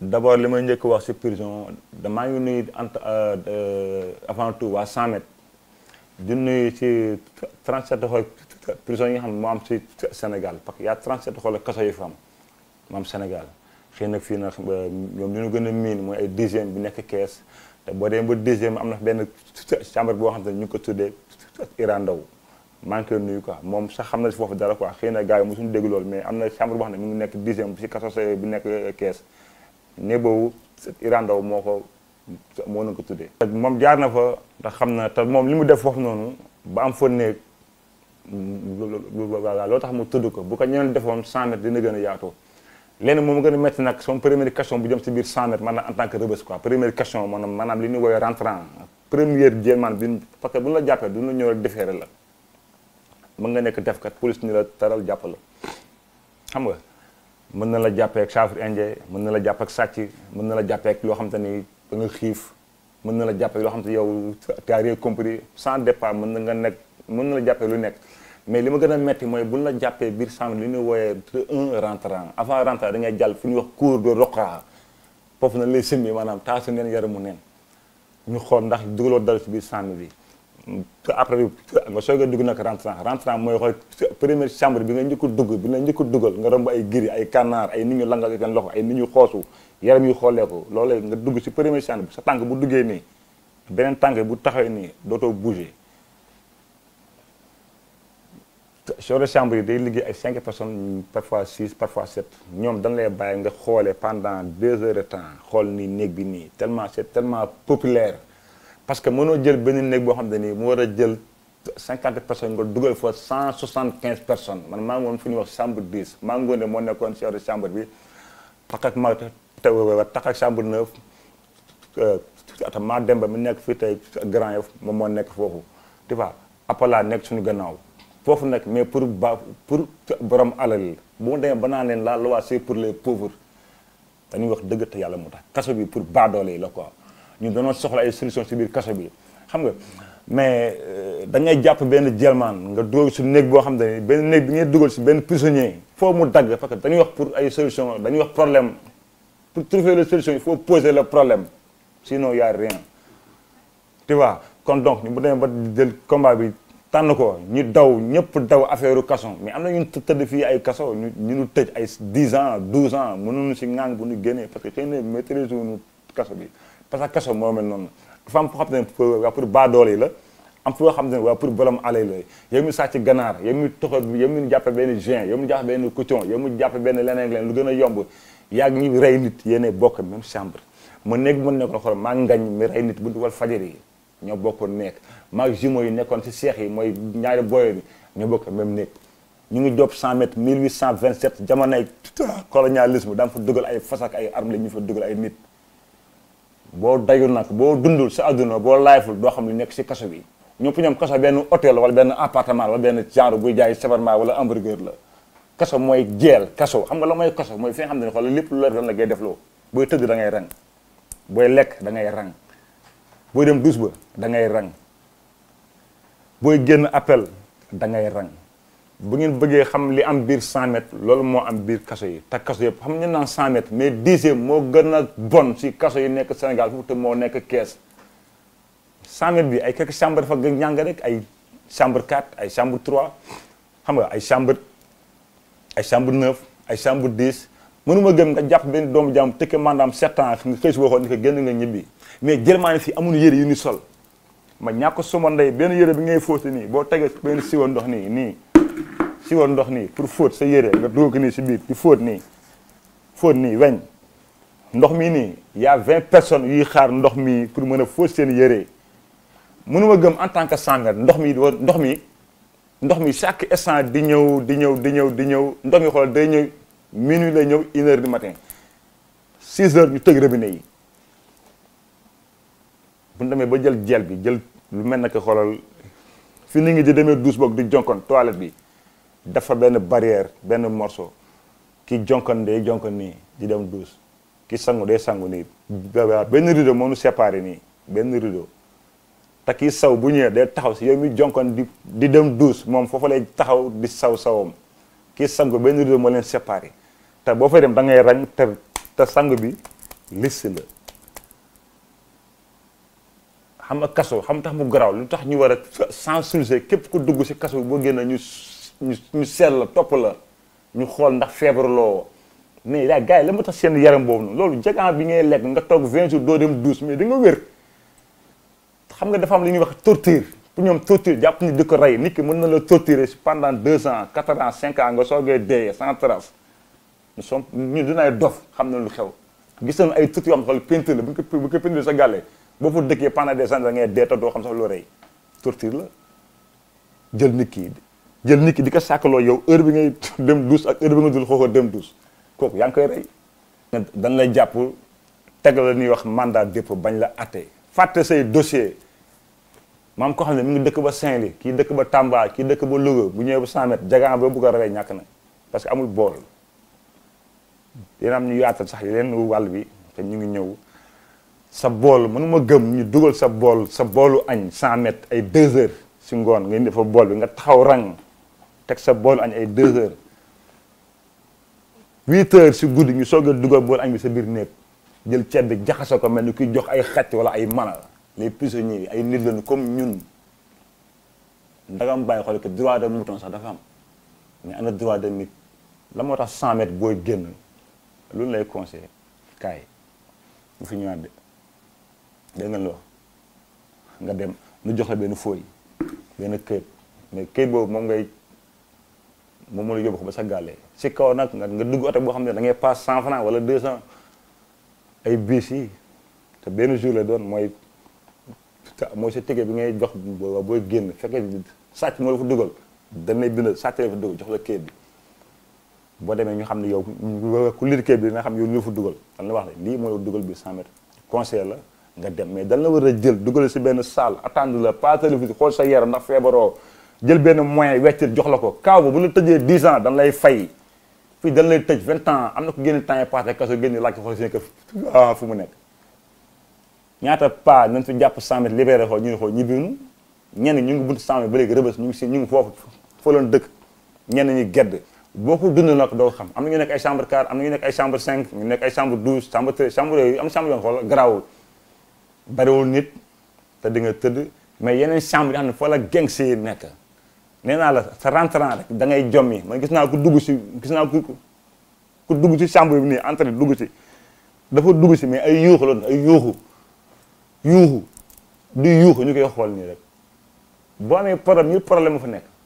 d' abord li may njëkk wax si prison damaa ngi nuyu ant euh, avant tout waa 100 mètres di nuyu ci 37 xool prison yi nga xam ne moo am si Sénégal parce que y' a 37 xool kaso yu fa am am Sénégal xëy na fii nag euh, ñoom ñu gën a miin mooy ay dixième bi nekk kees te boo demee ba dixième am na benn chambre boo xam ne ñu ngi ko tuddee Iran Ndao maa ngi nuyu quoi moom sax xam na si foofu dara quoi xëy na gars yi mosuñu dégg loolu mais am na chambre boo xam ne mu ngi nekk dixième si kaso bi nekk kees. ne boobu irandaw moo ko moo na ko tuddee moom jaar na fa ndax xam na te moom li mu def foofu noonu ba am fa néeg loo tax mu tudd ko bu ko ñeneen defoon 100 mètres dina gën a yaatoo léegi moom gën a métti nag sama première question bu jëm si biir 100 man maanaam en tant que Rebeuss quoi première question maanaam maanaam li ñu woowee rentrant première jéemaan bi parce que bu ñu la jàppee du ñu ñëw rek defeere la mën nga nekk defkat police ni la taral jàpp la xam nga mën na la jàppee ak saafara mën na la jàpp ak sàcc mën na la jàppee ak loo xam te ni da xiif mën na la jàppee loo xam te yow t'as rien compris sans départ mën na nga nekk mën na la jàppee lu nekk mais li ma gën a metti mooy bu buñ la jàppee biir chambre li ñuy wooyee un rentrant avant rentrant da ngay jàll fi ñuy wax cours de roqa foofu na lay simbi maanaam taasu neen yaramu neen ñu xool ndax dugaloo dara si biir chambre bi après nga soog a dugg nag rentrant rentrant mooy xool première chambre bi nga njëkk dugg bi nga njëkk a dugal nga romb ay giri ay kànnaar ay nit ñu langal seen loxo ay nit ñu xoosu yaram yu xoolee ko loolu nga dugg si première chambre bi sa tànk bu duggee nii beneen tànk bu taxawee nii dootoo bouger chambre chambre yi day liggéey ay cinq personnes parfois six parfois sept ñoom dañ lay bàyyi nga xoolee pendant deux heures de temps xool ni néeg bi nii tellement c'est tellement populaire parce que mënoo jël benn néeg boo xam ne nii mu war a jël cinquante personnes nga dugal fa cent soixante quinze personnes man maa ngi fu ñuy wax chambre dix maa ngoone moo nekkoon chef de chambre bi tax ak ma tax ak chambre neuf euh, ata maa demba mi nekk fii tey Grand Yoff moom moo nekk foofu tu vois nekk suñu gannaaw foofu nag mais pour ba pour borom alal bu mu demee ba naa leen la loi c'est pour les pauvres dañuy wax dëgg te yàlla mu tax kaso bi pour baadoole yi la quoi ñu danoo soxla ay solution ci biir kaso bi xam nga mais euh, da ngay jàpp benn jelmaan nga dugal si néeg boo xam ne benn néeg bi ngay dugal si benn prisonnier foo mu dagg parce que dañuy wax pour ay solution dañuy wax problème pour trouver la solution il faut poser le problème si y a rien tu vois kon donc ñu bu demee ba jël combat bi tànn ko ñi daw ñëpp daw affaire kaso mais am na ñu tëdd fii ay kaso ñu ñu tëj ay 10 ans 12 ans mënuñu si ŋàng bu ñu génnee parce que xëy na maîtrise bi parce que kaso moo mel noonu dafa am xam ne waa pour baadoole yi la am foo xam ne waa pour borom alal la yow mi sàcc ganaar yow mi toxo yow mi jàppe benn juin yow mi jàppe benn coton yow mi jàppe benn leneen leneen a nit yéene bokk même chambre ma nekk mën nekkoon xool maa ngañ mi rey nit bu wal fajar yi ñoo bokkoon nekk maag jumeau yi nekkoon si seex yi mooy ñaari boyo bi ñoo bokk même nekk ñu ngi job 100 mètres 1827 jamonoy colonialisme daan fa dugal ay fasak ay arme la ñu fa dugal ay nit boo dayul nag boo dundul si àdduna boo laayful doo xam li nekk si kaso bi ñëpp ñoom kaso benn hôtel wala benn appartement wala benn genre buy jaay shawarma wala hamburger la kaso mooy jeel kaso xam nga la mooy kaso mooy fi nga xam ne xoolal lépp lu la doon la ngay loo booy tëdd da ngay rang booy lekk da ngay rang booy dem douche ba da ngay rang booy génn appel da ngay rang bu ngeen bëggee xam li am biir 100 mètres loolu moo am biir kaso yi te kaso yëpp xam ne naan 100 mètres mais dixième moo gën a bon si kaso yi nekk Sénégal fu te moo nekk kees 100 mètres bi ay quelques chambre dafa gën ñàng rek ay chambre 4 ay chambre 3 xam nga ay chambre ay chambre 9 ay chambre 10 mënuma gëm nga jàpp benn doomu jàmm tëkke mandaam 7 ans nga xëy si waxoon ni ko génn nga ñibbi mais jërmaane si amuñu yére yu ni sol ma ñàkk suma ndey benn yëre bi ngay fóoti nii boo tege benn siwa ndox nii nii si woon ndox nii pour fóot sa yére nga dugal ko nii si biir di fóot nii fóot nii weñ ndox mii nii y'a vingt personnes yuy xaar ndox mii pour mën a fóot seen yére mënuma gëm en tant que sàngar ndox mi ndox mi ndox mi chaque instant di ñëw di ñëw di ñëw di ñëw ndox mi xool day ñëw minuit lay ñëw une heure du matin six heures ñu tëj robinet yi bu ñu demee ba jël jel bi jël lu mel na ko xoolal fi ni ngi di demee douche boog di jonkon toilette bi defa benn barrière benn morso ki jonkan day jonkan nii di dem duus ki sangu day sangu nii benn rideau moo nu nii benn rideau te kii saw bu ñëwee day taxaw si yow mi jonkan di dem duus moom foofu lay taxaw di saw sawam ki sangu benn rideau moo leen séparé te boo fa dem da ngay rang te te sangu bi liste la xam nga kaso xam tax mu garaaw lu tax ñu war a sensibiliser képp ku dugg si kaso boo génn ñu ñu ñu seet la topp la ñu xool ndax feebar loo mais yaa gars yi la ma tax seen yaram boobu noonu loolu jegaan bi ngay lekk nga toog vingt jours doo dem douche mais da nga wér xam nga dafa am lu ñuy wax torture pour ñoom torture jàpp ni di rey nit ki mën na la torturer pendant 2 ans 4 ans 5 ans nga soogee dee sans trace nous sommes ñu dinaay dof xam na lu xew gis nañu ay torture yoo xam ne peinture la bu ko bu ko peinture sa gàlle boo fa dëkkee pendant des années da ngay dee te doo xam sax loo rey torture la jël nit ki jël nit ki di ko sàkkaloo yow heure bi ngay dem douche ak heure bi nga dul xooxoo dem douche kooku yaa ngi koy rey. dañ lay jàpp teg la ñuy wax mandat dépôt bañ la atte fàtte say dossier maam ko xam ne mu ngi dëkk ba Saint-Louis kii dëkk ba Tamba kii dëkk ba Louga bu ñëwee ba 100 mètres jagaan ba bugg a ñàkk na parce que amul bool dina ñu yaatal sax yeneen wàll bi te ñu ngi ñëw sa bool mënuma gëm ñu dugal sa bool sa boolu añ 100 mètres ay 2 si ngoon nga fa bool bi nga taxaw rang. teg sa boolu añ ay deux heures huit heures si guddi ñu soog a dugal boolu añ bi sa biir néeg jël ceeb bi jaxase ko mel ni kuy jox ay xaj wala ay mala les prisonniers yi ay nit lañu comme ñun ndagam bàyyi xool que droit de mouton sax dafa am mais na droit de nit la moo tax cent mètres booy génn loolu lay conseillé kaay bu fi ñëwaat de dégg nga loo nga dem nu jox la benn fooy benn këyit mais këyit boobu moom ngay moom moo la yóbbu ko ba sa gàlle si kaw nag nga dugg oto boo xam ne da ngay paas cent franc wala deux cent ay biis yi te benn jour la doon mooy mooy sa ticket bi ngay jox boo génn fekkee sàcc moo la fa dugal dañ lay bind sàcc la fa dugal jox la kayit bi boo demee ñu xam ne yow ku liir bi dina xam yow ñu fa dugal dañ la wax ne lii moo la dugal bi cent mètres conseil la nga dem mais dañ la war a jël dugal si benn salle attendre la pas télévision xool sa yaram ndax feebaroo jël benn moyen weccit jox la ko kaaw ba bu ñu tëjee 10 ans dañ lay fay fii dan lay tëj 20 ans am na ku génn temps yi passé kaso génn laaj xool seen kër ah fu mu nekk ñaata pas nañ fi jàpp 100 mètres libéré xool ñu ne xool ñibbiwuñu ñenn ñu ngi buntu 100 mètres ñu ngi si ñu ngi foofu fa loon dëkk ñenn gedd boo ko dund nag doo xam am na ñu ay chambre 4 am na ñu nekk ay chambre 5 ñu nekk ay chambre 12 chambre 13 chambre yooyu am chambre yoon xool garaawul bariwul nit te di nga tëdd mais yeneen chambre yi xam ne fa la geng si nekk nee naa la sa rentrant rek da ngay jommi man gis naa ku dugg si gis naa ku ku dugg si chambre bi nii entrée dugg si dafa dugg si mais ay yuuxu loon ay yuuxu yuuxu du yuuxu ñu koy xool nii rek boo amee problème ñu problème mu fu nekk